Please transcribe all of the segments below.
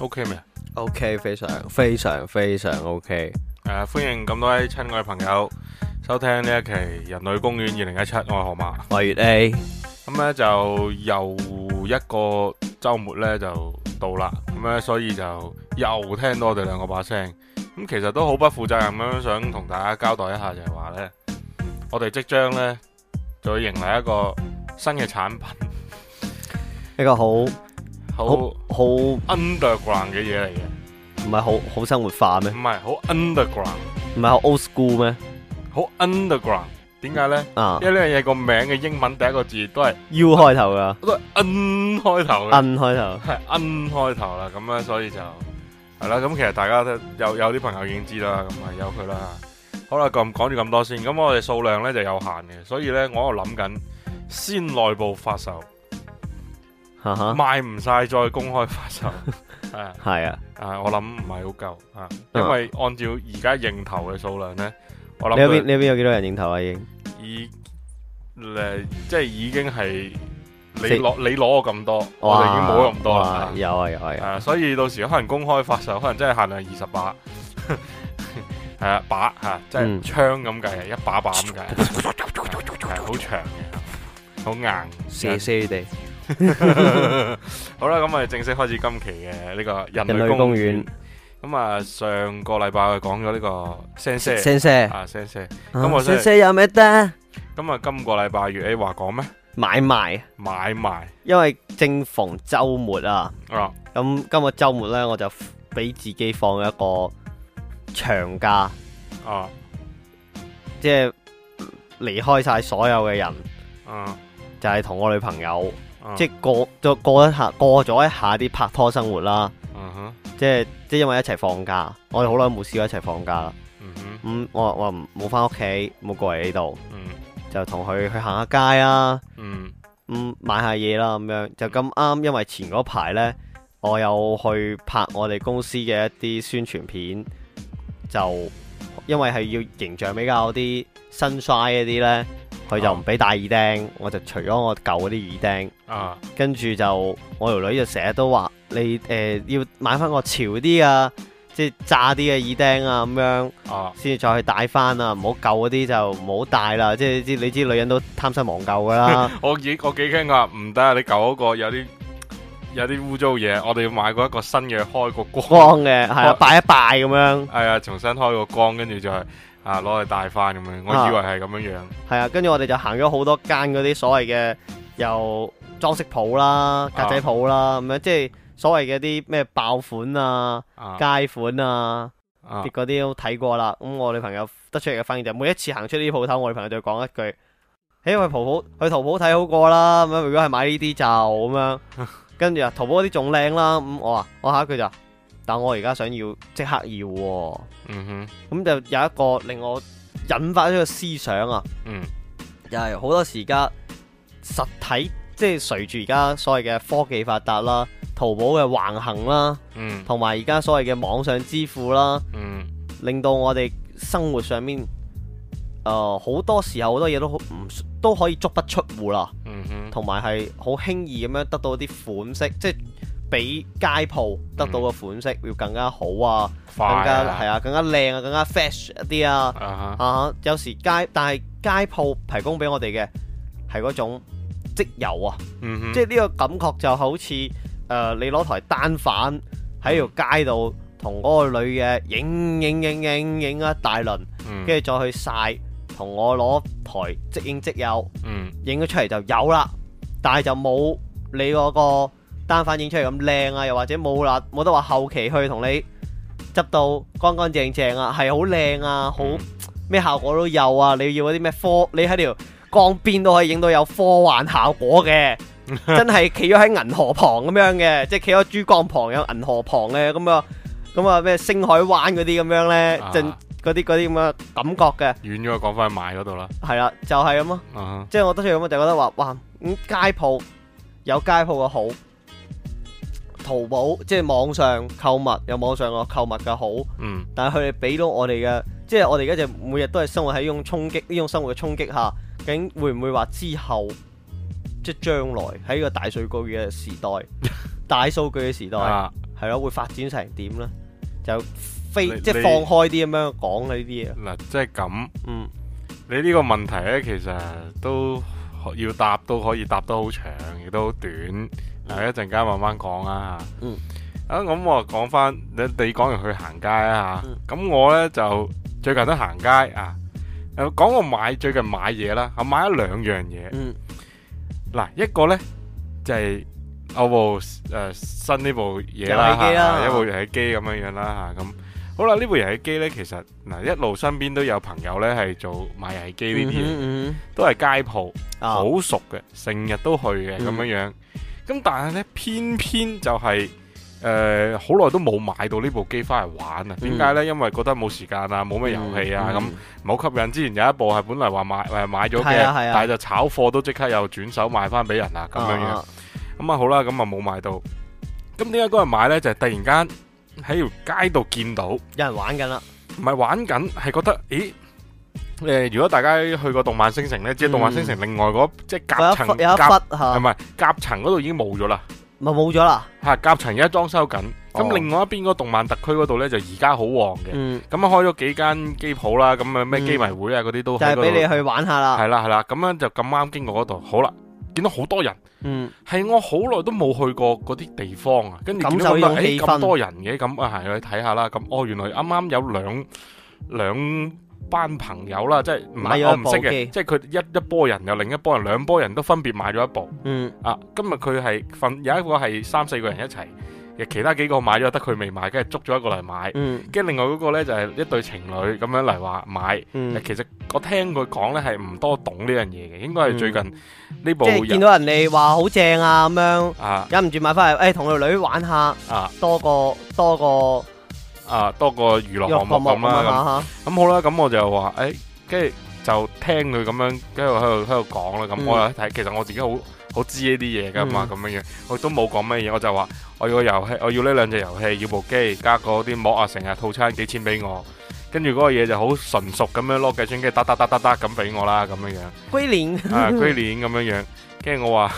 O K 咩 OK，非常非常非常 O、OK、K。誒、啊，歡迎咁多位親愛嘅朋友收聽呢一期《人類公園二零一七愛河馬》。我係 A，咁呢就又一個周末呢就到啦。咁、啊、呢，所以就又聽多我哋兩個把聲。咁其實都好不負責任咁樣，想同大家交代一下就，就係話。我哋即將咧，就會迎嚟一個新嘅產品，一個好好好 underground 嘅嘢嚟嘅，唔係好好生活化咩？唔係好 underground，唔係好 old school 咩？好 underground，點解咧？啊，因為呢樣嘢個名嘅英文第一個字都係 U 開頭噶，都係 N 開頭，N 開頭係 N 開頭啦，咁樣所以就係啦。咁其實大家都有有啲朋友已經知啦，咁啊有佢啦。好啦，咁講住咁多先。咁我哋數量咧就有限嘅，所以咧我喺度諗緊先內部發售，吓、uh huh. 賣唔晒再公開發售。係、 uh, 啊，係啊、uh,，啊，我諗唔係好夠啊，因為按照而家認頭嘅數量咧，我諗你邊你邊有幾多人認頭啊？已經已誒，即係已經係你攞是你攞咗咁多，哇我哋已經冇咁多啦哇、uh, 啊。有啊有啊，啊，uh, 所以到時可能公開發售，可能真係限量二十八。係啦，把吓，即係槍咁計，一把把咁計，係好長嘅，好硬，射射地。好啦，咁啊，我哋正式開始今期嘅呢個人類公園。咁啊，上個禮拜我哋講咗呢個聲聲聲聲啊聲聲。咁我聲聲有咩得？咁啊，今個禮拜粵 A 話講咩？買賣，買賣。因為正逢周末啊，咁今個周末咧，我就俾自己放一個。長假哦，oh. 即係離開晒所有嘅人，oh. 就係同我女朋友，oh. 即係過過過一下，過咗一下啲拍拖生活啦，哼、uh huh.，即係即係因為一齊放假，我哋好耐冇試過一齊放假啦，咁我我唔冇翻屋企，冇過嚟呢度，就同佢去行下街啦，嗯，嗯買下嘢啦咁樣，就咁啱，因為前嗰排呢，我有去拍我哋公司嘅一啲宣傳片。就因為係要形象比較啲新衰一啲呢，佢就唔俾戴耳釘，我就除咗我舊嗰啲耳釘，啊、跟住就我條女就成日都話你誒、呃、要買翻個潮啲啊，即係炸啲嘅耳釘啊咁樣，先至再去戴翻啊，唔好舊嗰啲就唔好戴啦，即係知你知女人都貪新忘舊噶啦，我幾我幾驚噶，唔得啊，你舊嗰個有啲。有啲污糟嘢，我哋要買過一個新嘅，開個光嘅，係啊，拜一拜咁樣。係啊，重新開個光，跟住就係、是、啊，攞去帶翻咁樣。我以為係咁樣樣。係啊，跟住、啊、我哋就行咗好多間嗰啲所謂嘅又裝飾鋪啦、格仔鋪啦，咁、啊、樣即係所謂嘅啲咩爆款啊、啊街款啊，嗰啲、啊、都睇過啦。咁我女朋友得出嚟嘅反應就每一次行出呢啲鋪頭，我女朋友就講一句：，喺、欸、去婆婆去淘寶睇好過啦。咁樣如果係買呢啲就咁樣。 跟住、嗯、啊，淘寶嗰啲仲靚啦，咁我話我下佢就，但我而家想要即刻要，哦，嗯哼，咁就有一個令我引發咗個思想啊，嗯，又係好多時家實體，即係、就是、隨住而家所謂嘅科技發達啦，淘寶嘅橫行啦，嗯，同埋而家所謂嘅網上支付啦，嗯，令到我哋生活上面。誒好、呃、多時候好多嘢都唔都可以足不出戶啦，嗯，同埋係好輕易咁樣得到啲款式，即係比街鋪得到嘅款式要、嗯、哼更加好啊，更加係啊，啊，更加靚啊，更加 fresh 一啲啊，啊、uh huh, uh huh, 有時街但係街鋪提供俾我哋嘅係嗰種即有啊，嗯哼即係呢個感覺就好似誒、呃、你攞台單反喺條街度同嗰個女嘅影影影影影一大輪，跟住、嗯、再去晒。同我攞台即影即有，影咗、嗯、出嚟就有啦。但係就冇你嗰個單反影出嚟咁靚啊，又或者冇啦，冇得話後期去同你執到乾乾淨淨啊，係好靚啊，好咩、嗯、效果都有啊。你要嗰啲咩科？你喺條江邊都可以影到有科幻效果嘅， 真係企咗喺銀河旁咁樣嘅，即係企咗珠江旁有銀河旁嘅咁啊咁啊咩星海灣嗰啲咁樣呢？正、啊。嗰啲嗰啲咁嘅感覺嘅，遠咗講翻去買嗰度啦。係啦、啊，就係咁咯。即係、uh huh. 我當時咁就覺得話，哇，咁街鋪有街鋪嘅好，淘寶即係、就是、網上購物有網上嘅購物嘅好。嗯。但係佢哋俾到我哋嘅，即、就、係、是、我哋而家就每日都係生活喺呢種衝擊，呢種生活嘅衝擊下，究竟會唔會話之後即係、就是、將來喺呢個大，的 大數據嘅時代、大數據嘅時代係咯，會發展成點咧？就即係放開啲咁樣講啊呢啲嘢。嗱，即係咁，嗯，你呢個問題咧，其實都要答，都可以答得好長，亦都好短。嗱，一陣間慢慢講啦。嗯，啊，咁我講翻，你你講完去行街啦吓。咁我咧就最近都行街啊。誒，講我買最近買嘢啦，我買咗兩樣嘢。嗯。嗱，一個咧就係我部誒新呢部嘢啦吓，機啦，一部遊戲機咁樣樣啦吓咁。好啦，呢部遊戲機呢，其實嗱一路身邊都有朋友呢，係做買遊戲機呢啲，嗯嗯、都係街鋪，好、啊、熟嘅，成日都去嘅咁樣樣。咁但係呢，偏偏就係、是、誒，好、呃、耐都冇買到呢部機翻嚟玩啊？點解、嗯、呢？因為覺得冇時間啊，冇咩遊戲啊，咁冇吸引。之前有一部係本嚟話買買咗嘅，啊啊、但係就炒貨都即刻又轉手賣翻俾人呀。咁樣樣。咁啊好啦，咁啊冇買到。咁點解嗰日買呢？就係、突然間。喺條街度見到，有人玩緊啦，唔係玩緊，係覺得，咦，誒，如果大家去過動漫星城咧，即係動漫星城另外嗰即係夾層有一忽吓，唔係夾層嗰度已經冇咗啦，咪冇咗啦，吓夾層而家裝修緊，咁另外一邊個動漫特區嗰度咧就而家好旺嘅，咁啊開咗幾間機鋪啦，咁啊咩機迷會啊嗰啲都就係俾你去玩下啦，係啦係啦，咁樣就咁啱經過嗰度，好啦。見到好多人，嗯，係我好耐都冇去過嗰啲地方啊，跟住見到咁、那個欸、多人嘅，咁啊，行去睇下啦。咁、嗯、哦，原來啱啱有兩兩班朋友啦，即係唔係我唔識嘅，okay 即係佢一一波人又另一波人，兩波人都分別買咗一部，嗯啊，今日佢係瞓，有一個係三四個人一齊。其他幾個買咗，得佢未買，跟住捉咗一個嚟買，跟住另外嗰個咧就係一對情侶咁樣嚟話買。其實我聽佢講咧係唔多懂呢樣嘢嘅，應該係最近呢部。即係見到人哋話好正啊咁樣，忍唔住買翻嚟，誒同個女玩下，多個多個啊多個娛樂項目咁啦咁。咁好啦，咁我就話誒，跟住就聽佢咁樣，跟住喺度喺度講啦。咁我又睇，其實我自己好好知呢啲嘢噶嘛？咁樣樣，我都冇講乜嘢。我就話我要個遊戲，我要呢兩隻遊戲，要部機加嗰啲膜啊，成日套餐幾錢俾我？跟住嗰個嘢就好純熟咁樣攞計算機，得得得得得咁俾我啦。咁樣樣，歸鏈啊，歸鏈咁樣樣。跟住我話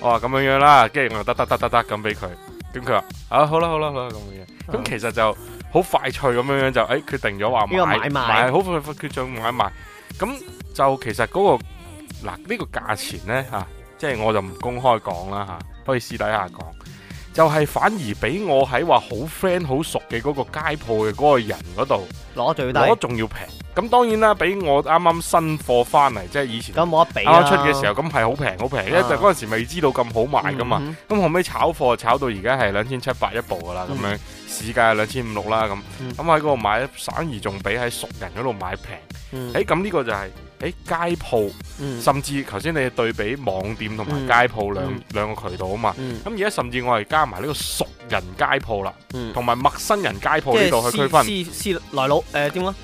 我話咁樣樣啦。跟住我就得得得得得咁俾佢。咁佢話啊？好啦，好啦，好啦，咁樣樣。咁其實就好快脆咁樣樣就誒，決定咗話買買買，好快決決決定買買，咁就其實嗰個嗱，呢個價錢咧嚇。即係我就唔公開講啦嚇，可以私底下講，就係、是、反而比我喺話好 friend、好熟嘅嗰個街鋪嘅嗰個人嗰度攞最大。攞仲要平。咁當然啦，比我啱啱新貨翻嚟，即係以前啱、啊、出嘅時候，咁係好平好平，啊、因為嗰陣時未知道咁好賣噶嘛。咁、嗯、哼後尾炒貨炒到而家係兩千七百一部噶啦，咁樣市價係兩千五六啦，咁咁喺嗰度買，反而仲比喺熟人嗰度買平。誒，咁呢、嗯欸、個就係、是、誒、欸、街鋪，嗯、甚至頭先你對比網店同埋街鋪兩兩個渠道啊嘛。咁而家甚至我係加埋呢個熟人街鋪啦，同埋、嗯、陌生人街鋪呢度去區分私私。私來佬誒，點、呃、啊？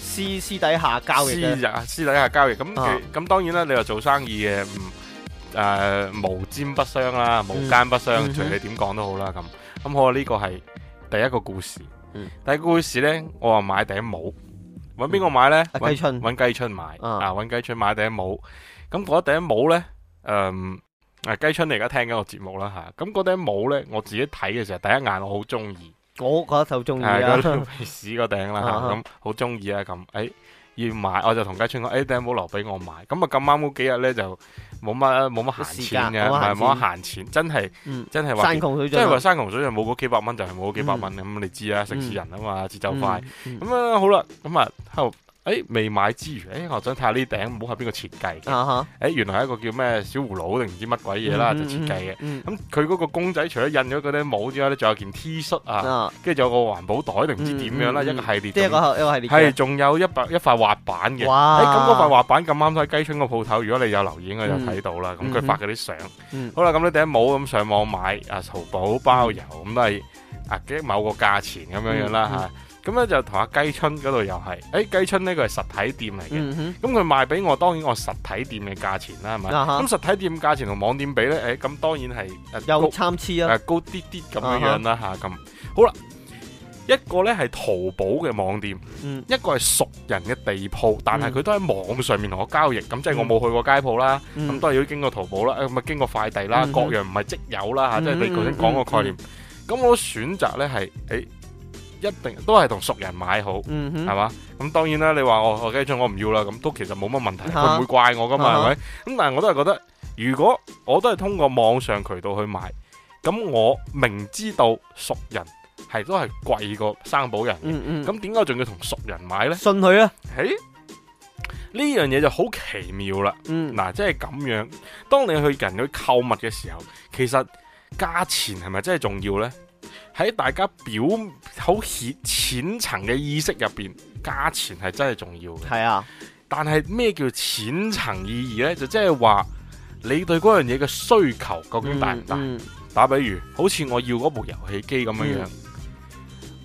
私私底下交易嘅，私底下交易。咁咁、哦、當然啦，你話做生意嘅無誒無尖不商啦，無奸不商，隨、嗯、你點講都好啦。咁咁好呢、這個係第一個故事。嗯、第一個故事咧，我話買頂帽。揾邊個買咧？揾、嗯、雞春，揾雞春買啊！揾、啊、雞春買頂帽，咁嗰頂帽咧，誒、嗯啊，雞春你而家聽緊個節目啦嚇，咁嗰頂帽咧，我自己睇嘅時候第一眼我好中意，我覺得好中意啊，屎個頂啦嚇，咁好中意啊咁，誒要買，我就同街村講，哎、欸，你唔好留俾我買，咁啊咁啱嗰幾日咧就冇乜冇乜閒錢嘅，冇乜閒錢，是真係真係話，山窮水啊、真係話山窮水就冇嗰幾百蚊就係冇嗰幾百蚊，咁、嗯嗯、你知啦，城市人啊嘛，節、嗯、奏快，咁啊、嗯嗯、好啦，咁啊誒，未買之餘，誒，我想睇下呢頂帽係邊個設計嘅？誒，原來係一個叫咩小葫蘆定唔知乜鬼嘢啦，就設計嘅。咁佢嗰個公仔除咗印咗嗰頂帽之外，咧仲有件 T 恤啊，跟住仲有個環保袋定唔知點樣啦，一個系列，即係仲有一把一塊滑板嘅。咁嗰塊滑板咁啱都喺雞春個鋪頭，如果你有留意，我就睇到啦。咁佢發嗰啲相，好啦，咁呢頂帽咁上網買啊，淘寶包郵，咁都係啊，某個價錢咁樣樣啦吓。咁咧就同阿雞春嗰度又係，誒雞春呢個係實體店嚟嘅，咁佢賣俾我，當然我實體店嘅價錢啦，係咪？咁實體店價錢同網店比咧，誒咁當然係誒有參差啦，高啲啲咁樣樣啦吓咁。好啦，一個咧係淘寶嘅網店，一個係熟人嘅地鋪，但係佢都喺網上面同我交易，咁即係我冇去過街鋪啦，咁當然要經過淘寶啦，咁啊經過快遞啦，各樣唔係即有啦吓，即係你頭先講個概念。咁我選擇咧係誒。一定都係同熟人買好，係嘛、嗯哼？咁當然啦，你話我我機我唔要啦，咁都其實冇乜問題，佢唔、啊、會怪我噶嘛，係咪、啊？咁但係我都係覺得，如果我都係通過網上渠道去買，咁我明知道熟人係都係貴過生保人，咁點解仲要同熟人買呢？信佢啊！呢、hey? 樣嘢就好奇妙啦。嗱、嗯啊，即係咁樣，當你去人去購物嘅時候，其實價錢係咪真係重要呢？喺大家表好淺淺層嘅意識入邊，價錢係真係重要嘅。係啊，但係咩叫淺層意義呢？就即係話你對嗰樣嘢嘅需求究竟大唔大？打、嗯嗯、比如，好似我要嗰部遊戲機咁樣樣，嗯、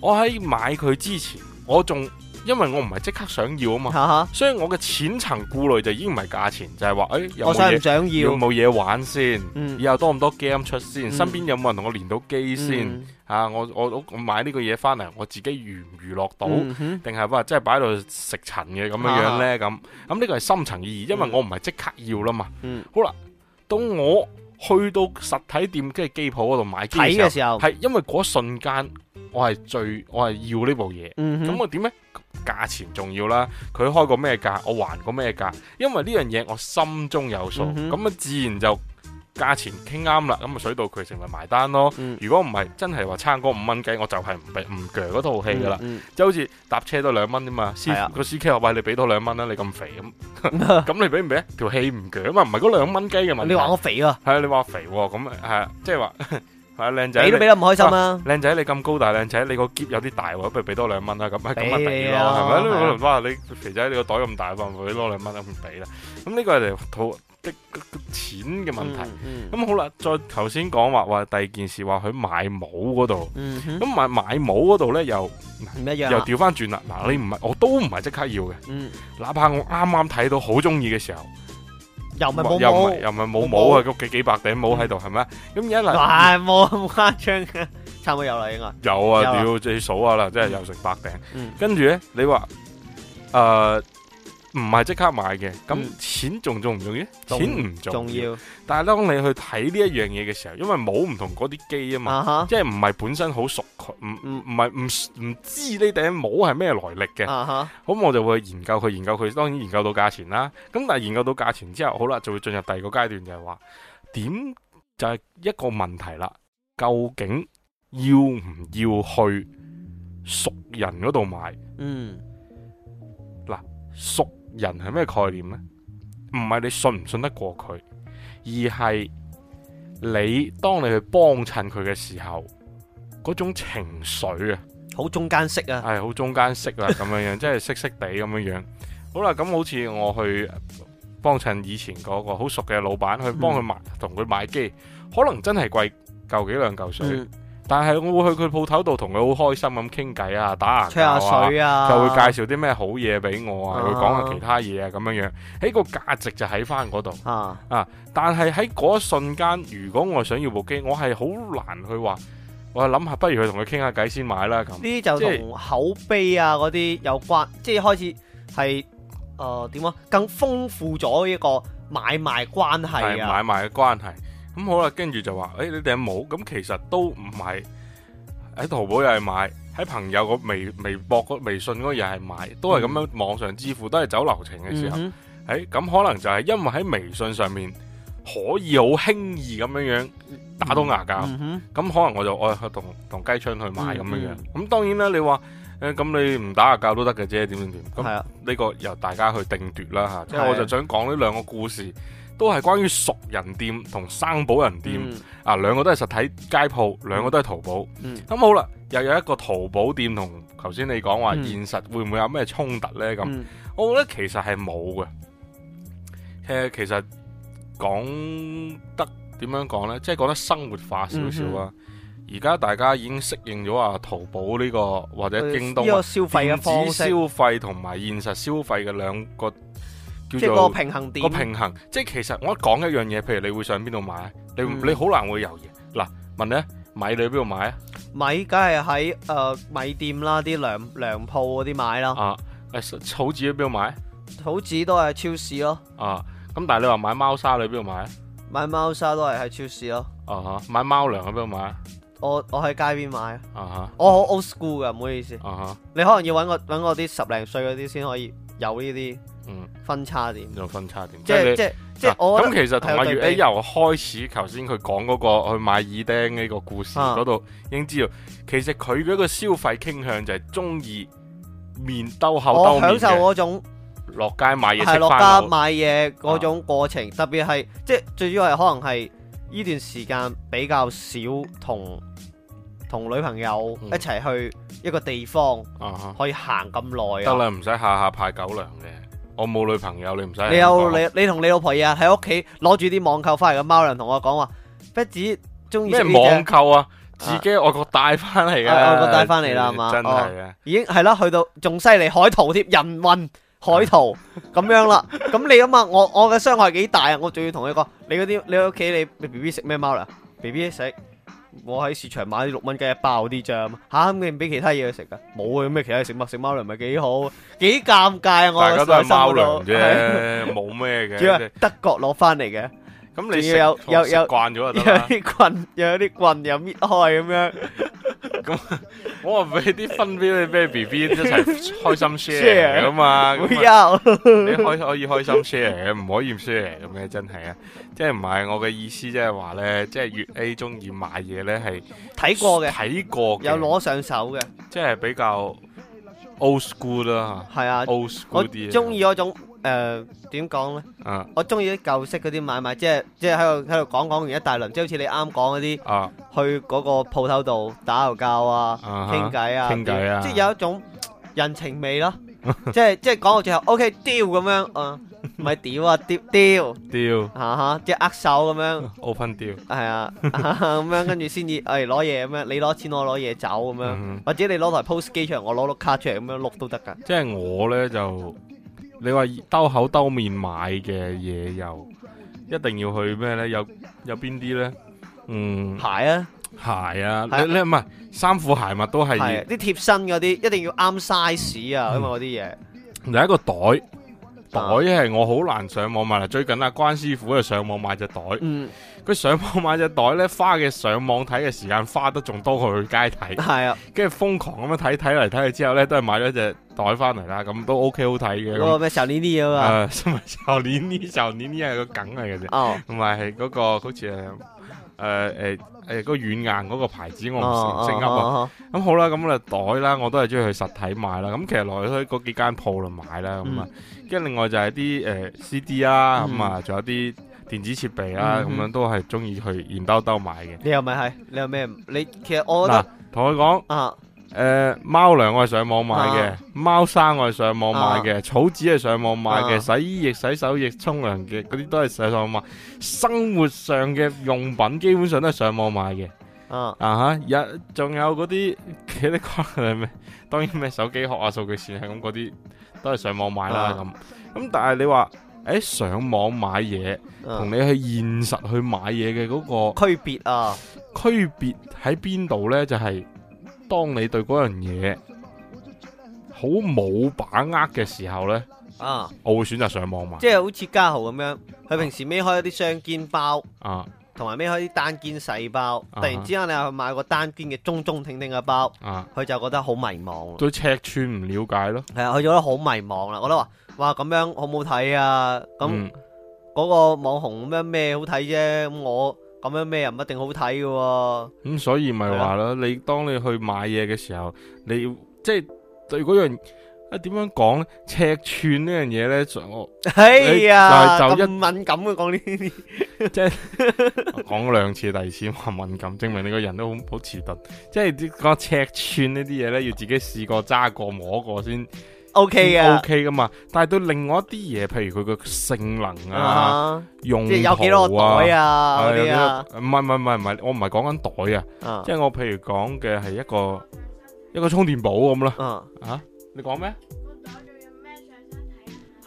我喺買佢之前，我仲。因為我唔係即刻想要啊嘛，uh huh. 所以我嘅淺層顧慮就已經唔係價錢，就係話誒有冇嘢我想唔想要，冇嘢玩先，嗯、以後多唔多 game 出先，嗯、身邊有冇人同我連到機先，嚇、嗯啊、我我我買呢個嘢翻嚟我自己娛唔娛樂到，定係話即係擺喺度食塵嘅咁樣呢，uh huh. 樣咧咁，咁呢個係深層意義，因為我唔係即刻要啦嘛。嗯、好啦，到我去到實體店即係機鋪嗰度買機嘅時候，係因為嗰瞬間。我係最我係要部，嗯、哼我呢部嘢，咁我點咧？價錢重要啦，佢開個咩價，我還個咩價？因為呢樣嘢我心中有數，咁啊、嗯、哼自然就價錢傾啱啦，咁啊水到渠成咪埋單咯。嗯、如果唔係真係話差嗰五蚊雞，我就係唔唔鋸嗰套戲噶啦。即係、嗯嗯、好似搭車都兩蚊啫嘛，個司機話喂，你俾多兩蚊啦，你咁肥咁咁 你俾唔俾？條戲唔鋸啊嘛，唔係嗰兩蚊雞噶嘛。你話我肥啊？係啊，你話我肥咁係啊，即係話。係靚仔，你都俾得唔開心啊！靚仔、啊，你咁高大靚仔，你個箧有啲大喎，如啊、是不如俾多兩蚊啦，咁係咁咪俾咯，係咪你？可能話你肥仔，你個袋咁大，可唔會俾多兩蚊都唔俾啦。咁呢個係嚟討的個錢嘅問題。咁好啦，再頭先講話話第二件事，話佢買帽嗰度。咁、嗯、哼買買帽嗰度咧又又調翻轉啦。嗱、啊，你唔係我都唔係即刻要嘅。嗯、哪怕我啱啱睇到好中意嘅時候。又唔係冇，又唔係又唔係冇帽啊！咁幾幾百頂帽喺度，係咪？咁一嚟，唔係冇啊！咁誇張嘅，差唔多有啦，應該。有啊，屌你數下啦，即係有成百頂。跟住咧，你話誒唔係即刻買嘅，咁。錢仲重唔重，重要？錢唔重要，但係當你去睇呢一樣嘢嘅時候，因為冇唔同嗰啲機啊嘛，uh huh. 即係唔係本身好熟，唔唔唔係唔唔知呢頂帽係咩來歷嘅，咁、uh huh. 我就會研究佢，研究佢，當然研究到價錢啦。咁但係研究到價錢之後，好啦，就會進入第二個階段就，就係話點就係一個問題啦，究竟要唔要去熟人嗰度買？嗯，嗱，熟人係咩概念呢？唔係你信唔信得過佢，而係你當你去幫襯佢嘅時候，嗰種情緒啊，好中間色啊，係好、哎、中間色啦、啊，咁樣 樣，即係識識地咁樣樣。好啦，咁好似我去幫襯以前嗰個好熟嘅老闆，去幫佢買，同佢買機，嗯、可能真係貴夠幾兩嚿水。嗯但係我會去佢鋪頭度同佢好開心咁傾偈啊，打啊、吹下水啊，就會介紹啲咩好嘢俾我啊，會講下其他嘢啊，咁樣樣，喺個價值就喺翻嗰度啊、啊！但係喺嗰一瞬間，如果我想要部機，我係好難去話，我諗下不如去同佢傾下偈先買啦咁。呢啲就同口碑啊嗰啲有關，就是、即係開始係誒點啊，更豐富咗一個買賣關係、啊、買賣嘅關係。咁好啦，跟住就話，誒、欸、你哋冇，咁其實都唔係喺淘寶又係買，喺朋友個微微博、個微信嗰個又係買，都係咁樣、嗯、網上支付，都係走流程嘅時候，誒咁、嗯哼欸、可能就係因為喺微信上面可以好輕易咁樣樣打到牙膠，咁、嗯嗯、可能我就愛去同同雞槍去買咁樣樣。咁當然啦，你話誒咁你唔打牙膠都得嘅啫，點點點。咁呢個由大家去定奪啦嚇。就是、我就想講呢兩個故事。都係關於熟人店同生保人店，嗯、啊，兩個都係實體街鋪，兩個都係淘寶。咁、嗯、好啦，又有一個淘寶店同頭先你講話現實會唔會有咩衝突呢？咁、嗯，我覺得其實係冇嘅。誒，其實講得點樣講呢？即、就、係、是、講得生活化少少啊。而家、嗯、哼大家已經適應咗啊，淘寶呢、這個或者京東啊消費嘅方式，消費同埋現實消費嘅兩個。即係個平衡點，個平衡，即係其實我講一樣嘢，譬如你會上邊度買，你、嗯、你好難會猶豫。嗱，問你啊，米你喺邊度買啊？米梗係喺誒米店啦，啲糧糧鋪嗰啲買啦。啊，誒草紙喺邊度買？草紙都係超市咯。啊，咁但係你話買貓砂你喺邊度買啊？買貓砂都係喺超市咯。啊哈、uh，huh, 買貓糧喺邊度買啊？我我、uh huh. 我喺街邊買啊。啊哈，我好 old school 噶，唔好意思。啊哈、uh，huh. 你可能要搵個搵個啲十零歲嗰啲先可以有呢啲。嗯，分叉點又分叉點，即係即係即係我咁。其實同埋月 A 由開始，頭先佢講嗰個去買耳釘呢個故事嗰度，已經知道其實佢嗰個消費傾向就係中意面兜後兜面嘅。我享受嗰種落街買嘢係落街買嘢嗰種過程，特別係即係最主要係可能係呢段時間比較少同同女朋友一齊去一個地方，可以行咁耐得啦，唔使下下派狗糧嘅。我冇女朋友，你唔使。你有你你同你老婆呀，喺屋企攞住啲網購翻嚟嘅貓糧，同我講話，不止中意啲咩網購啊？啊自己外國帶翻嚟嘅，外國帶翻嚟啦，係嘛？真係啊？已經係啦，去到仲犀利，海淘添，人運海淘咁的樣啦。咁 你咁嘛？我我嘅傷害幾大啊？我仲要同你講，你嗰啲你屋企你 B B 食咩貓糧？B B 食。我喺市場買啲六蚊雞一包啲醬，吓，咁你唔俾其他嘢食噶？冇啊，咩其他食物？食貓糧咪幾好？幾尷尬啊！我大家都係貓糧啫，冇咩嘅，德國攞翻嚟嘅。咁你有有有有啲棍，又有啲棍，又搣開咁樣。咁我話俾啲分俾你 B B 都係開心 share 嚟噶嘛，你可可以開心 share 嚟嘅，唔可以唔 share 嚟嘅，真係啊！即係唔係我嘅意思，即係話咧，即係越 A 中意買嘢咧係睇過嘅，睇過嘅，有攞上手嘅，即係比較 old school 啦。係啊，old school，我中意嗰種。誒，點講咧？我中意啲舊式嗰啲買賣，即係即係喺度喺度講講完一大輪，即係好似你啱講嗰啲，去嗰個鋪頭度打牙鉸啊，傾偈啊，傾偈啊，即係有一種人情味咯。即係即係講到最後，OK deal 咁樣，嗯，唔係 deal 啊，deal，deal，deal 吓，即係握手咁樣，open deal，係啊，咁樣跟住先至，誒，攞嘢咁樣，你攞錢我攞嘢走咁樣，或者你攞台 post 機出嚟，我攞碌卡出嚟咁樣碌都得㗎。即係我咧就。你話兜口兜面買嘅嘢又一定要去咩咧？有有邊啲咧？嗯，鞋啊，鞋啊，啊你你唔係衫褲鞋襪都係啲貼身嗰啲，一定要啱 size 啊，咁啊嗰啲嘢。有一個袋袋係我好難上網買啦。最近阿關師傅又上網買隻袋。嗯。佢上網買隻袋咧，花嘅上網睇嘅時間花得仲多過去街睇。係、哦、啊，跟住瘋狂咁樣睇睇嚟睇去之後咧，都係買咗隻袋返嚟啦。咁都 O K 好睇嘅。嗰個咩小妮妮啊嘛，同埋小妮妮、小妮妮係個梗嚟嘅啫。同埋係嗰個好似係誒誒誒嗰軟硬嗰個牌子，我唔識噏啊。咁好啦，咁啊袋啦，我都係中意去實體買啦。咁其實落去嗰幾間鋪度買啦。咁啊、嗯，跟住另外就係啲誒 C D 啦，咁啊、嗯，仲有啲。電子設備啊，咁、嗯、樣都係中意去現兜兜買嘅。你又咪係？你又咩？你其實我覺得同佢講啊，誒、啊呃，貓糧我係上網買嘅，啊、貓砂我係上網買嘅，啊、草紙係上網買嘅，啊、洗衣液、洗手液、沖涼嘅嗰啲都係上網買嘅。生活上嘅用品基本上都係上網買嘅。啊啊嚇！有仲有嗰啲，佢你講係咩？當然咩手機殼啊、數據線係咁嗰啲，那些都係上網買啦。咁咁、啊，那但係你話。誒上網買嘢同你去現實去買嘢嘅嗰個區別啊，區別喺邊度呢？就係當你對嗰樣嘢好冇把握嘅時候呢，啊，我會選擇上網買，即係好似嘉豪咁樣，佢平時孭開一啲雙肩包啊，同埋孭開啲單肩細包，突然之間你又去買個單肩嘅中中挺挺嘅包啊，佢就覺得好迷茫，對尺寸唔了解咯，係啊，佢就覺得好迷茫啦，我都話。哇，咁樣好唔好睇啊？咁嗰、嗯、個網紅咁樣咩好睇啫？咁我咁樣咩又唔一定好睇嘅、啊嗯。咁所以咪話咯，對了 你當你去買嘢嘅時候，你要即係對嗰樣啊？點樣講咧？尺寸呢樣嘢咧，我係、哎、呀！就，就敏感嘅講呢啲，即係講兩次，第二次話敏感，證明你個人都好好遲鈍。即係啲講尺寸呢啲嘢咧，要自己試過揸過摸過先。O K 噶，O K 噶嘛，但係對另外一啲嘢，譬如佢個性能啊，用途啊，即係有幾多個袋啊，唔係唔係唔係，我唔係講緊袋啊，即係我譬如講嘅係一個一個充電寶咁啦，啊，你講咩？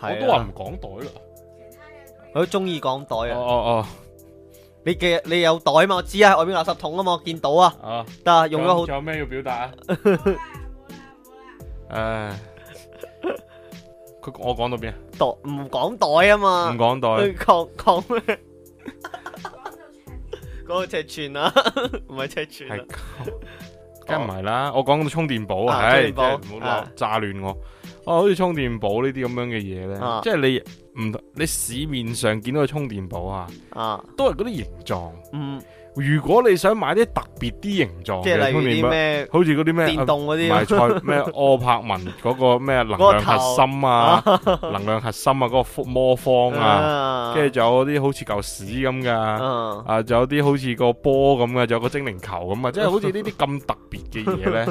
我都話唔講袋啦，其他嘢佢都中意講袋啊，你嘅你有袋啊嘛，我知啊，外邊垃圾桶啊嘛，我見到啊，得啊，用咗好，仲有咩要表達啊？誒。佢我講到邊袋唔講袋啊嘛，唔講袋，講講咩？嗰 個尺寸啊？唔係尺寸，梗唔係啦。啊、我講充電寶啊，對充電寶唔好鬧，不炸亂我。哦、啊啊，好似充電寶呢啲咁樣嘅嘢咧，即係、啊、你唔你市面上見到個充電寶啊，啊，都係嗰啲形狀，嗯。如果你想買啲特別啲形狀嘅，好似嗰啲咩電動嗰啲，咩柯柏文嗰個咩能量核心啊，能量核心啊，嗰個魔方啊，跟住仲有啲好似嚿屎咁噶，啊，仲有啲好似個波咁嘅，仲有個精靈球咁啊，即係好似呢啲咁特別嘅嘢咧，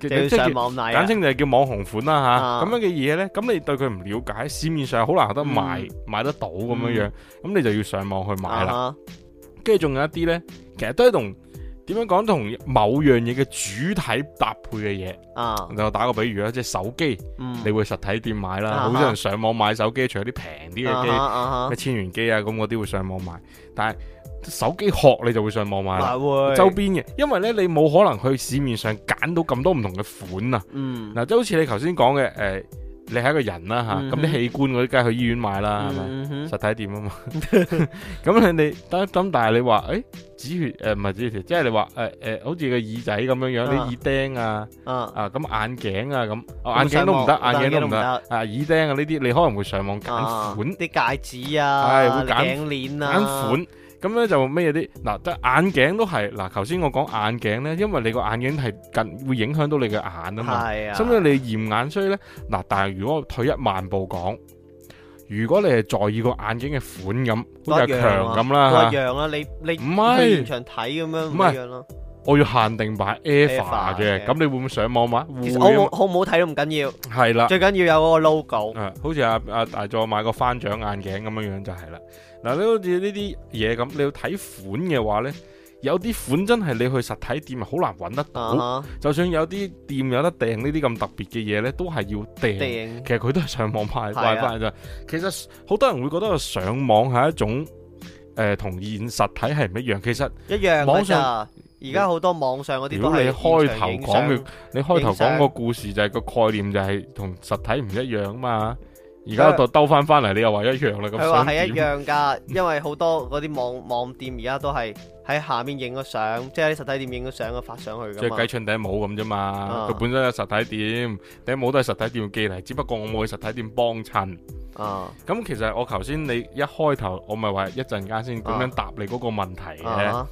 其實簡稱就係叫網紅款啦吓。咁樣嘅嘢咧，咁你對佢唔了解，市面上好難得買，買得到咁樣樣，咁你就要上網去買啦。跟住仲有一啲呢，其實都係同點樣講，同某樣嘢嘅主體搭配嘅嘢啊！Uh, 就打個比喻啦，即係手機，嗯、你會實體店買啦，uh、huh, 好多人上網買手機，除咗啲平啲嘅機，咩、uh huh, uh huh, 千元機啊咁嗰啲會上網買，但係手機殼你就會上網買啦，uh、huh, 周邊嘅，因為呢，你冇可能去市面上揀到咁多唔同嘅款啊！嗱、uh，即、huh, 好似你頭先講嘅誒。呃你係一個人啦嚇，咁啲器官嗰啲梗係去醫院買啦，係咪？實體店啊嘛。咁你你得咁，但係你話誒止血誒唔係止血，即係你話誒誒好似個耳仔咁樣樣啲耳釘啊，啊咁眼鏡啊咁，眼鏡都唔得，眼鏡都唔得啊耳釘啊呢啲你可能會上網揀款，啲戒指啊，係會揀鏈啊揀款。咁咧就咩啲嗱，得眼鏡都係嗱，頭先我講眼鏡咧，因為你個眼鏡係近會影響到你嘅眼啊嘛，甚至是、啊、你嫌眼衰咧嗱。但係如果退一萬步講，如果你係在意個眼鏡嘅款咁，好似阿強咁啦，一樣啦、啊啊，你是你唔係現場睇咁樣唔一樣咯。我要限定買 Air Force 嘅，咁你會唔會上網買？其實我好唔好睇都唔緊是、啊、要，係啦，最緊要有個 logo。啊、好似阿阿大作買個翻掌眼鏡咁樣樣就係啦。嗱，你好似呢啲嘢咁，你要睇款嘅話呢，有啲款真係你去實體店係好難揾得到，uh huh. 就算有啲店有得訂，呢啲咁特別嘅嘢呢，都係要訂。訂其實佢都係上網買買返就。啊、其實好多人會覺得上網係一種同、呃、現實體係唔一樣，其實一樣。網上而家好多網上嗰啲。如果你開頭講你開頭講個故事就係、是、照個概念就係同實體唔一樣嘛。而家度兜翻翻嚟，你又話一樣啦。佢話係一樣噶 因為好多嗰啲網網店而家都係喺下面影個相，即係喺實體店影個相，佢發上去即係雞襯頂帽咁啫嘛，佢、啊、本身有實體店，頂帽都係實體店嘅機嚟，只不過我冇去實體店幫襯。啊，咁其實我頭先你一開頭，我咪話一陣間先咁樣答你嗰個問題嘅。啊啊、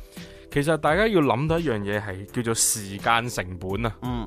其實大家要諗到一樣嘢係叫做時間成本啊。嗯。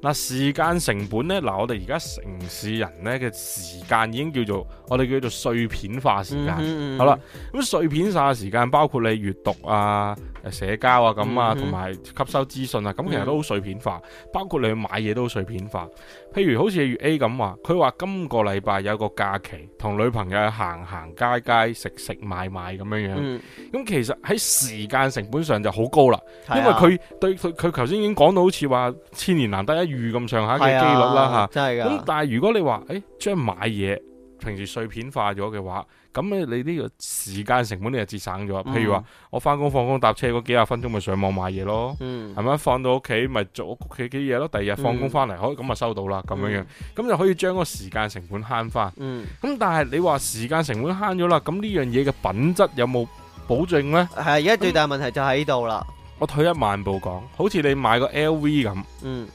嗱，時間成本咧，嗱，我哋而家城市人咧嘅時間已經叫做，我哋叫做碎片化時間，嗯嗯嗯，好啦，咁碎片化時間包括你閱讀啊。社交啊咁啊，同埋、嗯、哼吸收資訊啊，咁其實都好碎片化。嗯、包括你去買嘢都好碎片化。譬如好似月 A 咁話，佢話今個禮拜有個假期，同女朋友去行行街街，食食買買咁樣樣。咁、嗯、其實喺時間成本上就好高啦，啊、因為佢對佢佢頭先已經講到好似話千年難得一遇咁上下嘅機率啦。咁、啊、但係如果你話，誒、欸、將買嘢。平時碎片化咗嘅話，咁你呢個時間成本你就節省咗。嗯、譬如話我翻工放工搭車嗰幾十分鐘，咪上網買嘢咯，係咪、嗯？放到屋企咪做屋企嘅嘢咯。第二日放工翻嚟，嗯、可以咁啊收到啦，咁樣樣，咁、嗯、就可以將個時間成本慳翻。咁、嗯、但係你話時間成本慳咗啦，咁呢樣嘢嘅品質有冇保證咧？係而家最大問題就喺度啦。我退一萬步講，好似你買個 LV 咁，嗯、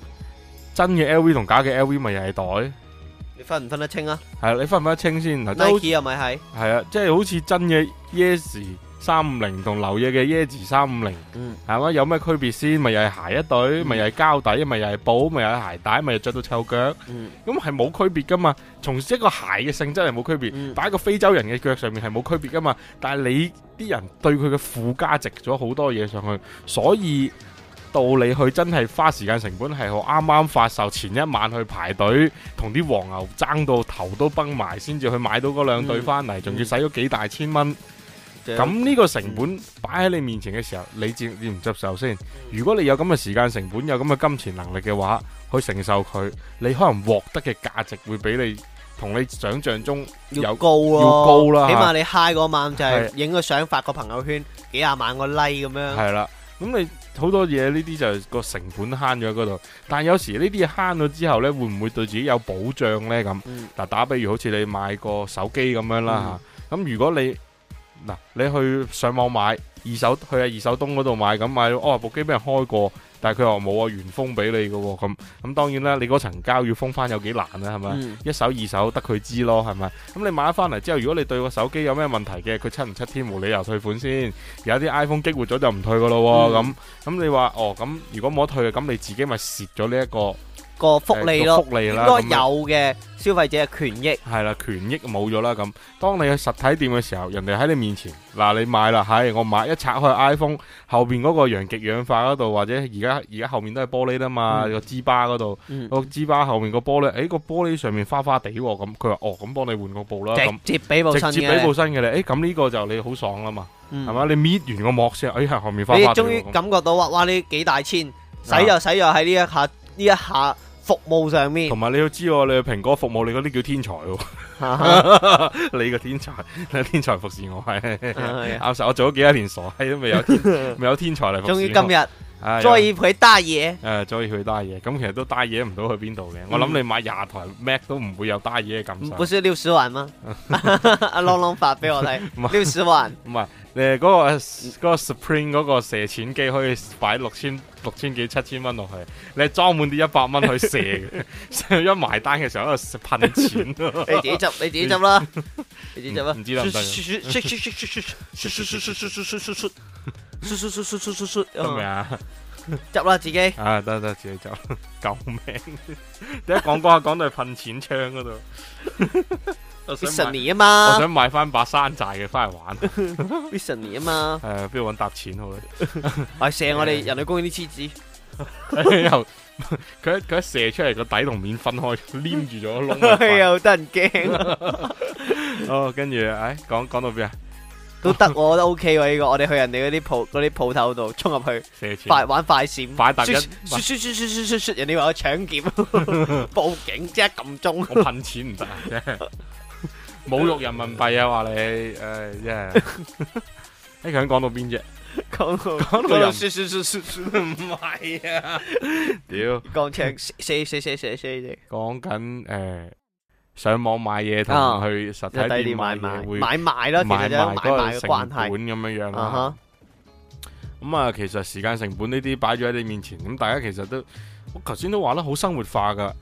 真嘅 LV 同假嘅 LV 咪又係袋？分唔分得清啊？係啊，你分唔分得清先？Nike 又咪係？係啊，即係好似真嘅椰子三五零同流嘢嘅椰子三五零，係嘛？有咩區別先？咪又係鞋一對，咪又係膠底，咪又係布，咪又係鞋帶，咪又著到臭腳。咁係冇區別噶嘛？從一個鞋嘅性質係冇區別，擺個非洲人嘅腳上面係冇區別噶嘛？但係你啲人對佢嘅附加值咗好多嘢上去，所以。到你去真係花時間成本係好啱啱發售前一晚去排隊，同啲黃牛爭到頭都崩埋，先至去買到嗰兩對翻嚟，仲、嗯、要使咗幾大千蚊。咁呢、嗯、個成本擺喺你面前嘅時候，你接唔接受先？如果你有咁嘅時間成本，有咁嘅金錢能力嘅話，去承受佢，你可能獲得嘅價值會比你同你想象中有要高咯、啊，高啦、啊。起碼你嗨嗰晚就係影個相發個朋友圈，的幾廿萬個 like 咁樣。係啦。咁你好多嘢呢啲就係個成本慳咗嗰度，但係有時呢啲慳咗之後呢，會唔會對自己有保障呢？咁嗱、嗯，打比如好似你買個手機咁樣啦吓，咁、嗯啊、如果你嗱你去上網買二手，去啊二手東嗰度買，咁買哦部機俾人開過。但係佢話冇啊，原封俾你嘅喎，咁咁當然啦，你嗰層膠要封翻有幾難啊，係咪？嗯、一手二手得佢知咯，係咪？咁你買咗翻嚟之後，如果你對個手機有咩問題嘅，佢七唔七天無理由退款先？有啲 iPhone 激活咗就唔退㗎咯喎，咁咁、嗯、你話哦，咁如果冇得退嘅，咁你自己咪蝕咗呢一個個福利咯，應該有嘅消費者嘅權益係啦，權益冇咗啦咁。當你去實體店嘅時候，人哋喺你面前，嗱，你買啦，係我買一拆開 iPhone 後邊嗰個陽極氧化嗰度，或者而家而家後面都係玻璃吖嘛，個支巴嗰度，個支巴後面個玻璃，誒個玻璃上面花花地咁，佢話哦，咁幫你換個部啦，直接俾部新嘅，直接俾部新嘅咧，誒咁呢個就你好爽吖嘛，係嘛，你搣完個膜先，誒係後面花花。你終於感覺到哇哇呢幾大千，使又使又喺呢一下。呢一下服務上面，同埋你要知道、哦，你蘋果服務你嗰啲叫天才，你個天才，你天才服侍我、啊，係阿石、我做咗幾多年傻閪都未有，未 有天才嚟。終於今日，終於佢抵嘢，誒，終於佢抵嘢，咁、嗯、其實都抵嘢唔到去邊度嘅。我諗你買廿台 Mac 都唔會有抵嘢咁。不是六十萬嗎？阿朗朗發俾我睇，六十是萬唔係，誒嗰、那個嗰、那個 Supreme 嗰個射錢機可以擺六千。六千幾七千蚊落去，你裝滿啲一百蚊去射，上 DVD 一埋單嘅時候喺度噴錢 你。你自己執，你自己執啦，啊，你、嗯啊，自己執啦。唔知道。刷刷刷刷刷刷刷刷刷刷刷刷刷刷刷刷刷刷刷刷。做咩啊？執啦自己。啊得得自己執，救命！你一講瓜講到噴錢槍嗰度。二十啊嘛，我想買翻把山寨嘅翻嚟玩。二十年啊嘛，係不如搵搭錢好咧。射我哋人類公園啲廁紙，佢一佢一射出嚟個底同面分開，黏住咗窿。又得人驚。哦，跟住誒，講講到邊啊？都得，我覺得 OK 喎，呢個。我哋去人哋嗰啲鋪嗰啲鋪頭度衝入去，射錢快玩快閃，快大人哋話我搶劫，報警即刻撳鐘。我噴錢唔得。侮辱人民幣啊！話你，誒，真係，哎，佢講到邊隻？講到講到唔係啊！屌、yeah. 欸，講赤，講緊誒，上網買嘢同去實體店買，買買、 啊、買賣買啦，其實都嘅個關係，成本咁樣樣。咁啊、嗯嗯嗯，其實時間成本呢啲擺咗喺你面前，咁、嗯、大家其實都，我頭先都話啦，好生活化㗎。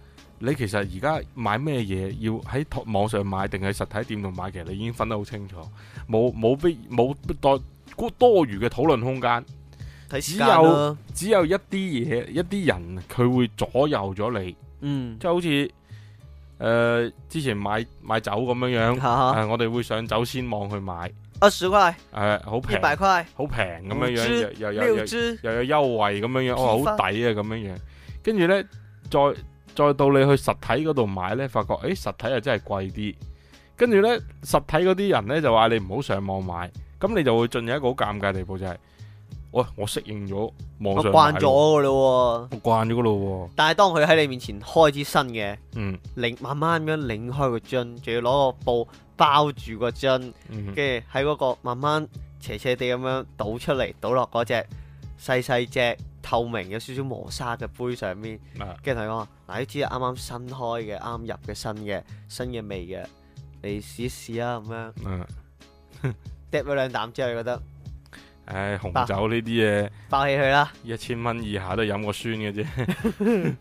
你其實而家買咩嘢要喺網上買定係實體店度買，其實你已經分得好清楚，冇冇必冇多多餘嘅討論空間。間啊、只有只有一啲嘢，一啲人佢會左右咗你。嗯，即係好似誒、呃、之前買買酒咁樣樣，哈哈呃、我哋會上酒仙網去買。啊，十塊，係好平，一百塊，好平咁樣樣，又有又有優惠咁樣樣，好抵啊咁樣樣。跟住咧再。再到你去實體嗰度買呢，發覺誒、欸、實體啊真係貴啲，跟住呢，實體嗰啲人呢，就話你唔好上網買，咁你就會進入一個好尷尬地步，就係、是，喂、哎、我適應咗，網上買，我慣咗㗎喇喎，我慣咗㗎喇喎，但係當佢喺你面前開支新嘅，嗯，擰慢慢咁樣擰開個樽，仲要攞個布包住個樽，跟住喺嗰個慢慢斜斜地咁樣倒出嚟，倒落嗰隻細細隻，透明有少少磨砂嘅杯上面，啊、跟住同佢講話，嗱呢支係啱啱新開嘅，啱入嘅新嘅新嘅味嘅，你試一試啊咁樣。嗯、啊，跌咗兩啖之後，你覺得，唉、哎、紅酒呢啲嘢，爆氣佢啦！一千蚊以下都飲過酸嘅啫，